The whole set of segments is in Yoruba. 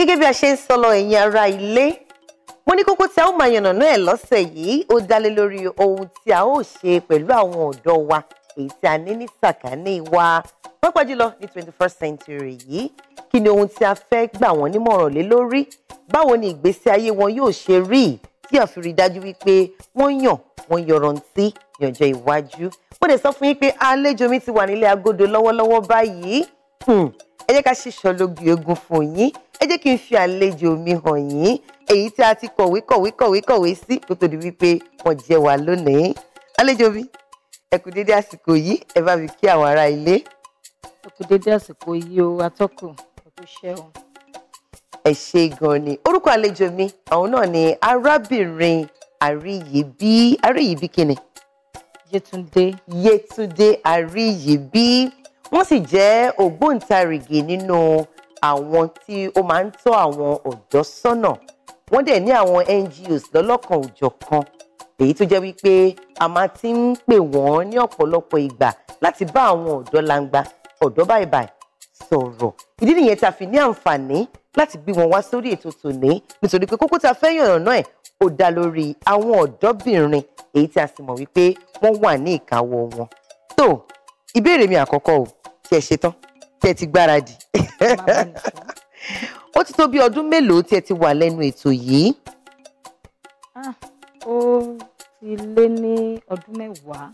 gẹ́gẹ́ bí a ṣe ń sọ lọ ẹ̀yin ará ilé mo ní kókó tí a ó máa yànnàná ẹ̀ lọ́sẹ̀ yìí ó dá lé lórí ohun tí a ó ṣe pẹ̀lú àwọn ọ̀dọ́ wa èyí tí a ní ní sàkání wa pàápàá jùlọ ní twenty first century yìí kí ni ohun tí a fẹ́ gbà wọ́n nímọ̀ràn lé lórí báwo ni ìgbésí ayé wọn yóò ṣe rí tí a fi rí dájú wípé wọ́n yàn wọ́n yọrantí yànjọ́ iwájú mo dẹ̀ sọ fún yín pé àlejò mi ti wà nílé agodo lọ́wọ́lọ́wọ́ báyìí hmm ẹ jẹ́ ká ṣíṣọ lóbi egun fún yín ẹ jẹ́ kí n fi àlejò mi hàn yín èyí tí a ti kọ̀wé kọ̀wé kọ̀wé kọ̀wé sí kó tó di wípé wọ́n jẹ wá lónìí àlejò mi ẹ kú dédé àsìkò yìí ẹ bá mi kí àwọn ará ilé. ẹ kú dédé àsìkò yìí o atọ́kùn ọdún ṣẹ́hùn. ẹ ṣe gan ni orúkọ àlejò mi àwọn náà ni arábìnrin àríyìbí àríyìbí kìnnì. Yétúndé. Yétúndé àríyìbí wọ́n sì jẹ́ ògbóǹtarìgì nínú àwọn tí ó máa ń tọ́ àwọn ọ̀dọ́ sọ́nà wọ́n dẹ̀ ní àwọn NGOs lọ́lọ́kan òjọ̀kan èyí tó jẹ́ wípé a máa ti ń pè wọ́n ní ọ̀pọ̀lọpọ̀ ìgbà láti bá àwọn ọ̀dọ́ langba ọ̀dọ́ báìbáì sọ̀rọ̀ ìdí nìyẹn tá a fi ní àǹfààní láti gbé wọn wá sórí ètò tòní nítorí pé kókó tá a fẹ́ yànnà náà ẹ̀ ó dá lórí àwọn ọ̀dọ́bìnrin èyí tí a sì mọ̀ wípé wọ́n wà ní ìkáwọ́ wọn. tó ìbéèrè mi àkọ́kọ́ o tí ẹ ṣetán tí ẹ ti gbáradì ó ti tó bí ọdún mélòó tí ẹ ti wà lẹ́nu ètò yìí. Ah, ó ti lé ní ọdún mẹ́wàá.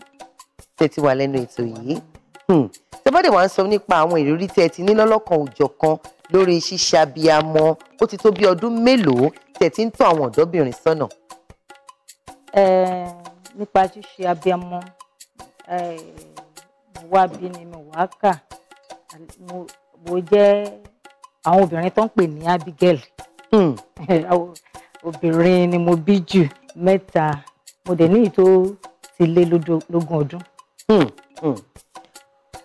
tí ẹ ti wà lẹ́nu ètò yìí hmm. tẹ́bọ́dẹ̀ wá ń sọ nípa àwọn ìrírí tí ẹ ti ní lọ́lọ́kan òjọ̀kan lórí ṣíṣe abiyamọ ó ti tó bí ọdún mélòó tí ẹ ti ń tọ́ àwọn ọ̀dọ́bìnrin sọ́nà. Eh, nípa ṣíṣe abiyamọ eh, wá bí ni mo wá kà mo jẹ́ àwọn obìnrin tó ń pè ní Abigail hmm. obìnrin ni mo bí jù mẹ́ta mo dẹ̀ ní ìtò ti lé lógún ọdún. Hmm, hmm.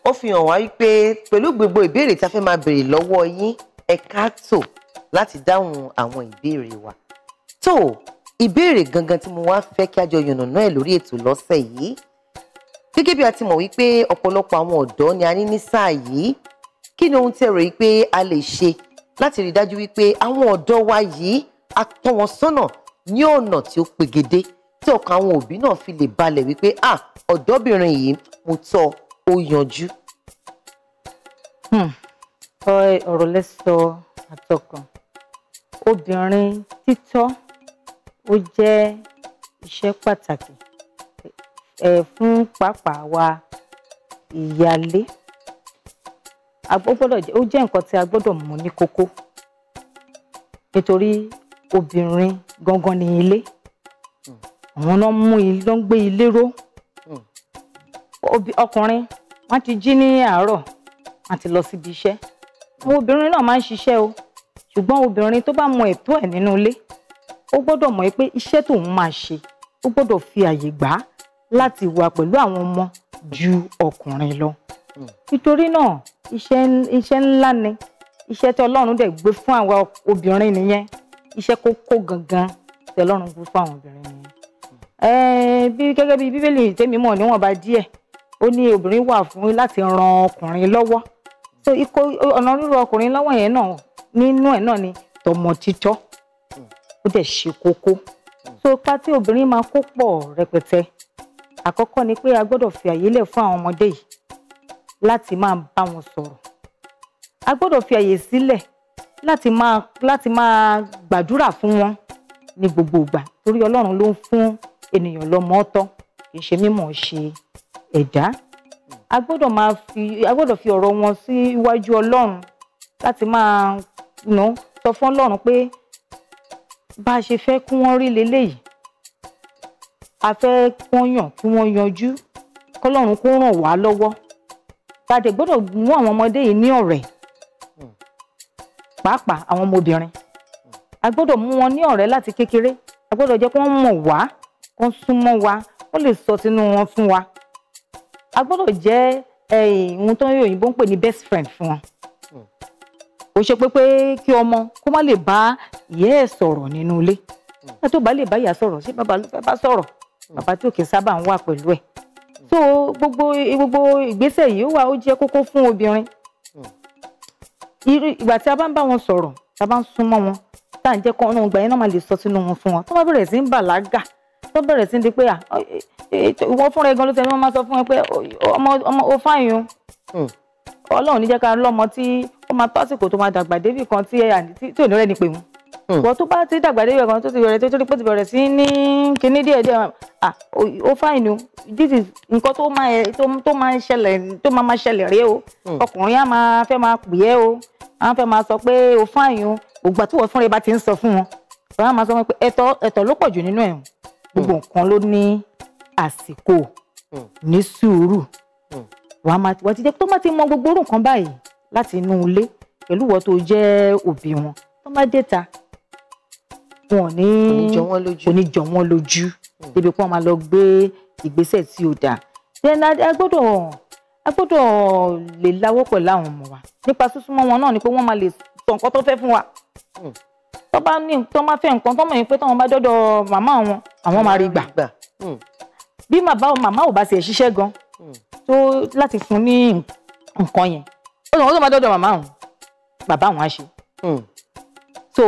ó fi hàn wá wípé pẹ̀lú gbogbo ìbéèrè tá a fẹ́ máa béèrè lọ́wọ́ yín ẹ̀ka tó láti dáhùn àwọn ìbéèrè wa tó ìbéèrè gangan tí mo wá fẹ́ kí a jọ yànnàná ẹ̀ lórí ètò lọ́sẹ̀ yìí gẹ́gẹ́ bí a ti mọ̀ wípé ọ̀pọ̀lọpọ̀ àwọn ọ̀dọ́ ni a ní ní sáà yìí kí ni ohun tí ẹ rò wípé a lè ṣe láti rí dájú wípé àwọn ọ̀dọ́ wa yìí a tọ́ wọn sọ́nà ní ọ̀nà tí ó pegedé tí ọkàn àwọn òbí náà fi lè balẹ̀ wípé à ọ̀dọ́bìnrin yìí mo tọ́ ó yanjú. Hmm. ọ̀rọ̀ lẹ́sọ àtọkàn obìnrin títọ́ ó jẹ́ iṣẹ́ pàtàkì ẹ fún pàápàá wa ìyálé ó gbọ́dọ̀ ó jẹ́ nǹkan tí a gbọ́dọ̀ mú ní kókó nítorí obìnrin gangan ni ilé àwọn náà mú ló ń gbé ilé ró ọkùnrin wọn ti jí ní àárọ̀ wọn ti lọ síbi iṣẹ́ àwọn obìnrin náà máa ń ṣiṣẹ́ o ṣùgbọ́n obìnrin tó bá mọ ẹ̀tọ́ ẹ̀ nínú ilé ó gbọ́dọ̀ mọ̀ pé iṣẹ́ tóun máa ṣe ó gbọ́dọ̀ fi àyè gbà láti wà pẹ̀lú àwọn ọmọ ju ọkùnrin lọ hmm. nítorí náà iṣẹ́ ńlá ni iṣẹ́ tí ọlọ́run dẹ̀ gbé fún àwa obìnrin nìyẹn iṣẹ́ kókó gangan tí ọlọ́run gbé fún àwọn obìnrin nìyẹn. bí gẹ́gẹ́ bí bíbélì tèmi mọ̀ níwọ̀nba díẹ̀ ó ní obìnrin wà fún láti ran ọkùnrin lọ́wọ́ so ikó ọ̀nà ríro ọkùnrin lọ́wọ́ yẹn náà nínú ẹ̀ náà ni tọmọ títọ́ hmm. ó dẹ̀ ṣe kókó so ipa tí obìnrin máa kó pọ̀ rẹpẹtẹ àkọ́kọ́ ni pé a gbọ́dọ̀ fi àyè lẹ̀ fún àwọn ọmọdé yìí láti máa bá wọn sọ̀rọ̀ a gbọ́dọ̀ fi àyè sílẹ̀ láti máa láti máa gbàdúrà fún wọn ní gbogbo ìgbà torí Ọlọ́run ló ń fún ènìyàn lọ́mọ ọ̀tọ̀ kì í ṣe mímọ̀ ṣe ẹ̀dá a gbọ́dọ̀ máa fi a gbọ́dọ̀ fi ọ̀rọ̀ wọn sí iwájú Ọlọ́run láti máa nà sọ fún Ọlọ́run pé bá a ṣe fẹ́ kí wọ́n rí leléyìí a fẹ́ pọ́nyàn kí wọ́n yanjú kọ́lọ́run kó ràn wá lọ́wọ́ tàdé gbọ́dọ̀ mú àwọn ọmọdé yìí ní ọ̀rẹ́ hmm. pàápàá àwọn ọmọbìnrin a gbọ́dọ̀ mú wọn ní ọ̀rẹ́ láti kékeré a gbọ́dọ̀ jẹ́ kí wọ́n mọ̀ wá kó súnmọ́ wa kó lè sọ tinú wọn fún wa a gbọ́dọ̀ jẹ́ eh, ohun tó ń yọ òyìnbó ń pè ní best friend fún wọn ó hmm. ṣe pé pé kí ọmọ kó má lè bá ìyá ẹ̀ sọ̀rọ̀ nínú ilé ẹ hmm. tó bá lè bá ìyá sọ̀rọ̀ ṣé bàbá sọ̀rọ̀ bàbá tí ò kí ń sábà ń wà pẹ̀lú ẹ̀ so gbogbo gbogbo ìgbésẹ̀ yìí ó wà ó jẹ́ kókó fún obìnrin ìgbà tí a bá ń bá wọn sọ̀rọ̀ tá a bá ń súnmọ́ wọn tá à ń jẹ́ kọ́ ọ̀nà ìgbà yẹn náà máa lè sọ sínú wọn fún wọn tó bá bẹ̀rẹ̀ sí ń bàlágà tó bẹ̀rẹ̀ sí di pé wọ́n fúnra ẹ̀ gan ló tẹ̀lé wọn máa sọ fún ẹ pé ọmọ o fáyín o hmm. ọlọ́run ní jẹ́ ká lọ́mọ tí ó máa tó àsìkò tó máa dàgbà débì kan tí ò ní rẹ́ni pè wọ́n Hmm. bọ́ tó bá ti dàgbà dé ìwẹ̀kan tó ti bẹ̀rẹ̀ tó ti pé ti bẹ̀rẹ̀ sí ní kinní díẹ̀ díẹ̀ ah ó fáìn o this is nǹkan tó máa tó máa ń ṣẹlẹ̀ tó máa máa ṣẹlẹ̀ rèé o hmm. ọkùnrin á máa fẹ́ máa pè é o á fẹ́ máa sọ pé ó fáìn o ògbà tí wọ́n fúnra bá ti ń sọ fún wọn wọ́n á máa sọ pé ẹ̀tọ́ ẹ̀tọ́ ló pọ̀ jù nínú ẹ̀ gbogbo hmm. nǹkan ló ní àsìkò ní sùúrù wọ́n ti máa wọ́n tó jẹ́ tó máa wọn ní kò ní jọ wọn lójú débi kó máa lọ gbé ìgbésẹ̀ tí ó dáa then a gbọ́dọ̀ a gbọ́dọ̀ lè lawọ́ pẹ̀lú àwọn ọmọ wa nípa súnmọ́ wọn náà ni pé wọ́n máa lè sọ nǹkan tó fẹ́ fún wa hmm. tó bá ní tó máa fẹ́ nǹkan tó mọ̀ yín pé táwọn bá dọ́dọ̀ màmá wọn àwọn máa rí gbà hmm. bí màmá ò bá tiẹ̀ ṣiṣẹ́ gan hmm. tó láti fún ní nǹkan yẹn ó lọ́n ó lọ́n máa dọ́dọ̀ màmá wọn bàbá wọn á ṣe so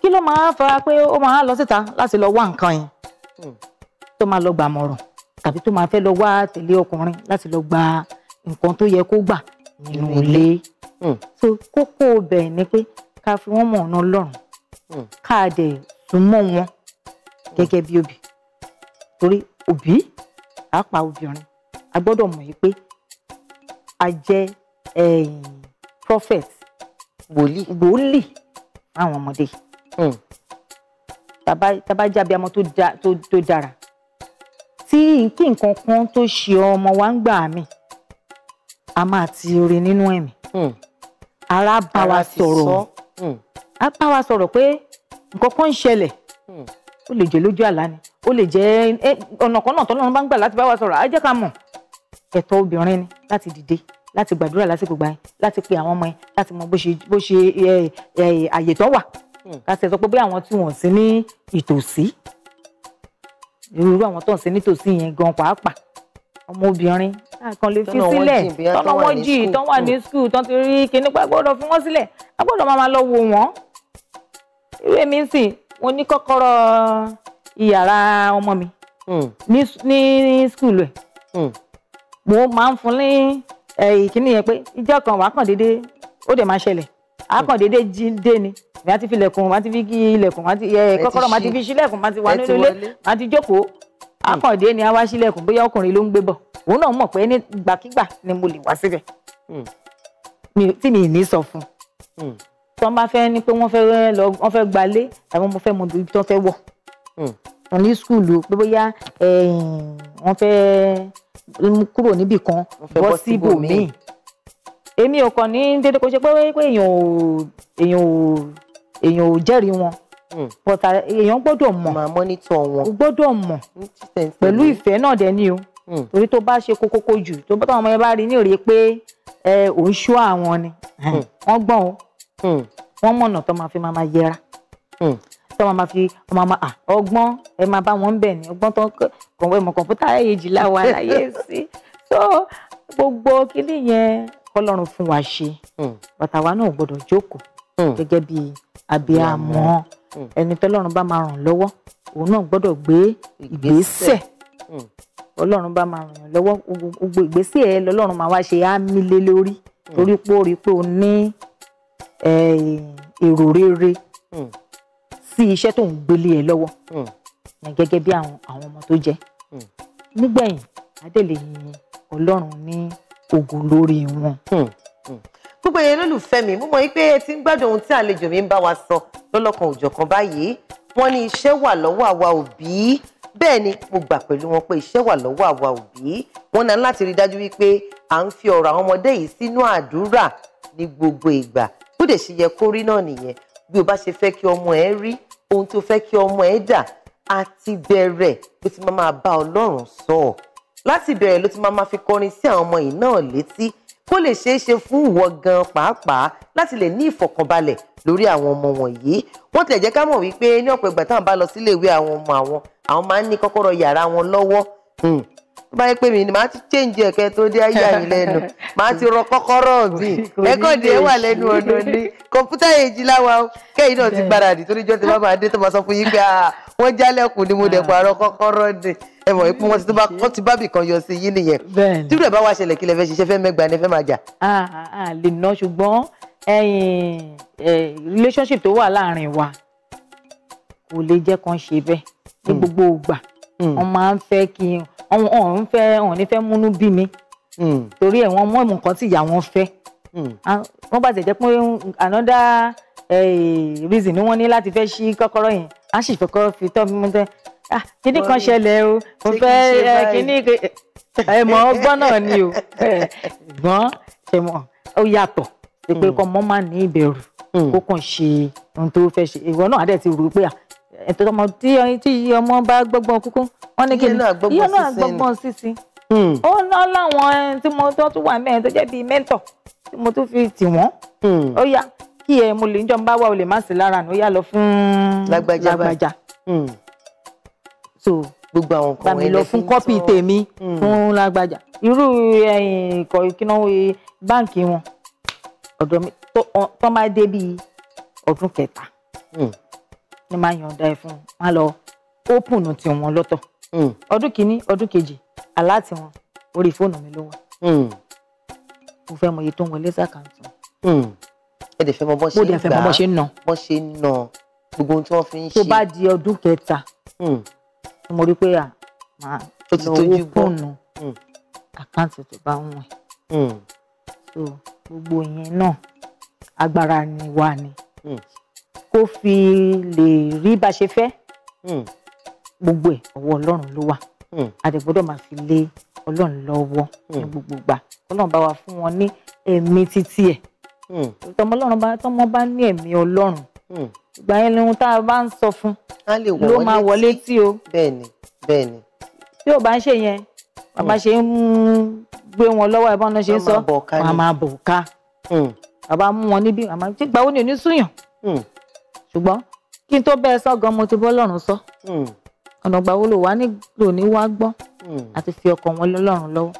kí ló máa fara pé ó máa lọ síta láti lọ wá nǹkan yẹn hmm. tó máa lọ gbàmọ̀ràn tàbí tó máa fẹ́ lọ wá tẹ̀lé ọkùnrin láti lọ gba nǹkan tó yẹ kó gbà nínú ilé hmm. so kókó ibẹ̀ ni pé ká fi wọ́n mọ̀ ọ̀nà ọlọ́run hmm. ká dẹ̀ sún mọ́ wọn gẹ́gẹ́ bí òbí torí òbí pàápàá obìnrin a gbọ́dọ̀ mọ̀ yìí pé a jẹ́ prophet wòlíì wòlíì àwọn ọmọdé yìí tàbá jábí amọ tó dára tí kí nǹkan kan tó ṣe ọmọ wa ń gbà mí a máa ti orí nínú ẹ̀mí ara bá wa sọ̀rọ̀ a bá wa sọ̀rọ̀ pé nǹkan kan ń ṣẹlẹ̀ ó lè jẹ́ lójú àlá ni ó lè jẹ́ ọ̀nà kan náà tọ́lọ́run bá ń gbà láti bá wa sọ̀rọ̀ á ká mọ̀ ẹ̀tọ́ obìnrin ni láti dìde láti gbàdúrà lásìkò gbà yẹn láti pe àwọn ọmọ yẹn láti mọ bó ṣe àyè tó wà Hmm. ká ṣe sọ pé bóyá àwọn tí wọ́n sí ní ìtòsí irú àwọn tó ń sí nítòsí yẹn gan pàápàá ọmọbìnrin kan lè fi sílẹ̀ tọ́nà wọ́n jì tọ́n wà ní skul tọ́n ti rí kíní pé a gbọ́dọ̀ fi wọ́n sílẹ̀ a gbọ́dọ̀ máa lọ wò wọ́n irú èmi ń sìn mo ní kọ́kọ́rọ́ ìyàrá ọmọ mi hmm. ní skul rẹ̀ hmm. mo máa ń fún ní eh, ìkíní yẹn pé ìjọ kan wàá kàn déédéé ó dẹ̀ máa ṣẹlẹ̀ àá kàn déédéé jí dé ni màá ti fi ilẹ̀kùn màá ti fi kí ilẹ̀kùn màá ti kọ́kọ́rọ́ màá ti fi ṣílẹ̀kùn màá ti wà nínú ilé màá ti jókòó akọ̀dé ni a wá ṣílẹ̀kùn bóyá ọkùnrin ló ń gbé bọ̀ òun náà mọ̀ pé ní ni mo lè wá síbẹ̀ hmm. tí mi ní sọ fún un hmm. tí wọ́n bá fẹ́ ní pé wọ́n fẹ́ lọ wọ́n fẹ́ gbalé tàbí mo fẹ́ mọ ibi tí wọ́n fẹ́ wọ̀ wọn hmm. ní skulu pé bóyá wọ́n fẹ́ kúrò níbì kan bọ́ síbò míì èmi ò kàn ní dédé kó ṣe pé èèyàn ò èèyàn ò èèyàn ò jẹ́rìí wọn hmm. but èèyàn gbọ́dọ̀ mọ̀ máa mọ́nítọ̀ wọn o gbọ́dọ̀ mọ̀ pẹ̀lú ìfẹ́ náà dẹ̀ ni o hmm. torí tó bá ṣe kókókó jù tó bá tàwọn ọmọ yẹn bá rí ní òrìí pé ẹ ò ń ṣọ́ àwọn ni hmm. wọ́n gbọ́n o wọ́n mọ̀nà tó máa fi máa yẹra tó máa fi ọmọ máa ọgbọ́n ẹ máa bá wọn bẹ̀ ni ọgbọ́n tó kọ̀wé mọ̀ kọ̀ǹpútà ẹ̀yẹ̀jì láwa láyé sí so gbogbo kíní yẹn kọlọ́run fún wa ṣe bàtà wa náà gbọ́dọ̀ jókòó Hmm. gẹ́gẹ́ bí abiyamọ hmm. ẹni tọ́lọ́run bá máa ràn lọ́wọ́ òun náà gbọ́dọ̀ gbé ìgbésẹ̀ hmm. ọlọ́run bá máa ràn yàn lọ́wọ́ gbogbo ìgbésẹ̀ ẹ lọ́lọ́run máa wá ṣe á mí lé lórí torí pé ó rí pé o ní èrò rere sí iṣẹ́ tó ń gbélé ẹ lọ́wọ́ yẹn gẹ́gẹ́ bí àwọn ọmọ tó jẹ́ nígbẹ̀yìn adélèyìn ọlọ́run ní ògo lórí wọn gbogbo ẹ̀yẹ lólùfẹ́ mi mo mọ̀ pé ẹ ti ń gbádùn ohun tí àlejò mi ń bá wa sọ lọ́lọ́kan òjọ̀kan báyìí wọ́n ní iṣẹ́ wà lọ́wọ́ àwa òbí bẹ́ẹ̀ ni mo gbà pẹ̀lú wọn pé iṣẹ́ wà lọ́wọ́ àwa òbí wọn náà láti rí dájú wípé à ń fi ọ̀rọ̀ àwọn ọmọdé yìí sínú àdúrà ní gbogbo ìgbà bó dẹ̀ ṣe yẹ kó rí náà nìyẹn bí o bá ṣe fẹ́ kí ọmọ ẹ rí ohun tó fẹ́ kí ọmọ ẹ dà àti bẹ̀rẹ̀ ló ti máa bá ọlọ́run sọ láti bẹ̀rẹ̀ ló ti máa fi kọrin sí àwọn ọmọ yìí náà létí kó lè ṣeé ṣe fún ìwọ gan pàápàá láti lè ní ìfọ̀kànbalẹ̀ lórí àwọn ọmọ wọ̀nyí wọ́n tilẹ̀ jẹ́ ká mọ̀ wípé ní ọ̀pọ̀ ìgbà táwọn bá lọ sílé ìwé àwọn ọmọ àwọn àwọn máa ń ní kọ́kọ́rọ́ yàrá wọn lọ́wọ́ hmm. tó bá yẹ pé mi ni màá ti change ẹ̀kẹ́ tó dé ayé àyè lẹ́nu màá ti rọ kọ́kọ́rọ́ mi ẹ̀kọ́ dé wà lẹ́nu ọ̀nà ni kọ̀ǹpútà èjì láwa kẹ́yìn náà ti gbáradì torí jọ́ ti bá máa dé tó máa sọ fún yín pé ah, wọ́n jálẹ̀kùn ni mo dẹ̀ ah. pààrọ̀ kọ́kọ́rọ́ dè ẹ mọ̀ pé wọ́n ti bá wọ́n ti bá bì kan yọ sí yín nìyẹn tí rẹ̀ bá wá ṣẹlẹ̀ kí lẹ fẹ́ ṣiṣẹ́ fẹ́ mẹ́gbàá ni fẹ́ máa jà. a lè ná ṣùgbọ́n relationship tó wà láàrin wa kò lè jẹ́ kan ṣe bẹ́ẹ̀ ní hmm. gbogbo ìgbà hmm. wọ́n máa ń fẹ́ kí wọ́n ń fẹ́ wọ́n ní fẹ́ múnú bí mi hmm. torí ẹ̀ wọ́n mọ̀ nǹkan tí ìyá wọn fẹ́ wọ́n bá tẹ̀ jẹ́ pé another reason ni wọ́n ní láti fẹ́ ṣí kọ́kọ́rọ́ yẹn a sì fẹ́kọ́ fi tọ́ mímú tẹ́ ah kíní kan ṣẹlẹ̀ o mo fẹ́ eh, kíní ẹ eh, mọ̀ ọgbọ́n náà ni o eh, gbọ́n ṣe mọ̀ ó yàtọ̀ ṣe pé hmm. kọ́ mọ́ máa ní ìbẹ̀rù hmm. kó kàn ṣe ohun tó fẹ́ ṣe ìwọ náà àdẹ̀ ti rò pé à ètò ọmọ tí ọmọ bá gbọ́gbọ́n kúkú wọ́n ní kíni iye náà gbọ́gbọ́n sísìn hmm. ó ná láwọn tí mo tún wà mẹ́rin tó jẹ́ bíi mẹ́ńtọ̀ tí mo tún fi tì wọ́n ó yá kí ẹ mo lè ń jọ ń bá wà o lè má sí lára nù yá lọ fún lágbájá lágbájá hmm. so gbogbo àwọn nǹkan wẹ́lẹ́ lọ fún kọ́pì tèmi hmm. fún lágbájá irú ìkọ̀ ìkínáwó báǹkì wọn ọ̀dọ̀ mi tó máa dé bíi ọdún kẹta hmm. ni máa yọ̀ǹda ẹ̀ fún wa lọ ópùnù tí wọn lọ́tọ̀ ọdún kìíní ọdún kejì aláàtì wọn orí fóònù mi ló wà mo fẹ́ mọ iye tó ń wọlé sàkáǹtì wọn ẹ dẹ̀ fẹ́ mọ bọ́n ṣe ń gbà bọ́n ṣe ń nà bọ́n ṣe ń nà gbogbo ohun tí wọ́n fi ń ṣe. tó bá di ọdún kẹta hmm. mo rí pé à máa lọ owó fóònù hmm. àkáǹtì tó bá wọ̀n ẹ̀ hmm. so gbogbo yẹn náà agbára ni wà ni kó fi lè rí bá ṣe fẹ́ gbogbo ẹ̀ ọwọ́ Ọlọ́run ló wà a máa fi lé Ọlọ́run lọ́wọ́ ní gbogbo gbà Ọlọ́run bá wa fún wọn ní ẹ̀mí títí ẹ̀. Hmm. tọmọ bá ní ẹ̀mí ọlọ́run hmm. ìgbà yẹn ni ohun tá a bá ń sọ fún ló máa wọlé tí o bẹ́ẹ̀ni bẹ́ẹ̀ni tí ò bá ń ṣe yẹn bàbá ṣe ń gbé wọn lọ́wọ́ ẹ̀bọ́n náà ṣe ń sọ màá máa bò ká hmm. bàbá mú wọn níbí màmá tí gbà ó ní òní súyàn kí n tó bẹ́ẹ̀ sọ gan mo ti bọ́ lọ́rùn sọ ọ̀nà ìgbà wo ló wà nílò ní wá gbọ́ àti fi ọkàn wọn lọ́rùn lọ́wọ́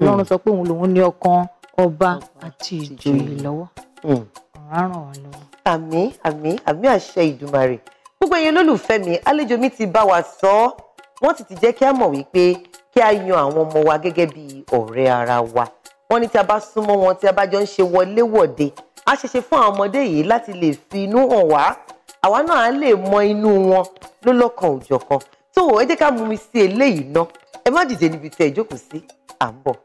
lọ́rùn sọ pé òun lòun ní ọkàn ọba àti ìjòyè lọ́wọ́ ọ̀rọ̀ hmm. á ràn wá lọ́wọ́. àmín àmín àmín àṣẹ ìdùmarè gbogbo ẹ̀yin olólùfẹ́ mi àlejò mi ti bá wa sọ ọ́ wọ́n sì ti jẹ́ kí a mọ̀ wípé kí a yan àwọn ọmọ wa gẹ́gẹ́ bí ọ̀rẹ́ ara wa wọ́n ní tí a bá súnmọ́ wọn tí a bá jọ ń ṣe wọléwọ̀de a ṣeṣe fún àwọn ọmọdé yìí láti lè fi inú hàn wá àwa náà á lè mọ inú wọn lọ́lọ́kan òjọ̀kan tó ẹ jẹ́ ká mú mi sí eléyìí ná ẹ má dìde níbi tẹ́ ẹ jókòó sí à ń bọ̀.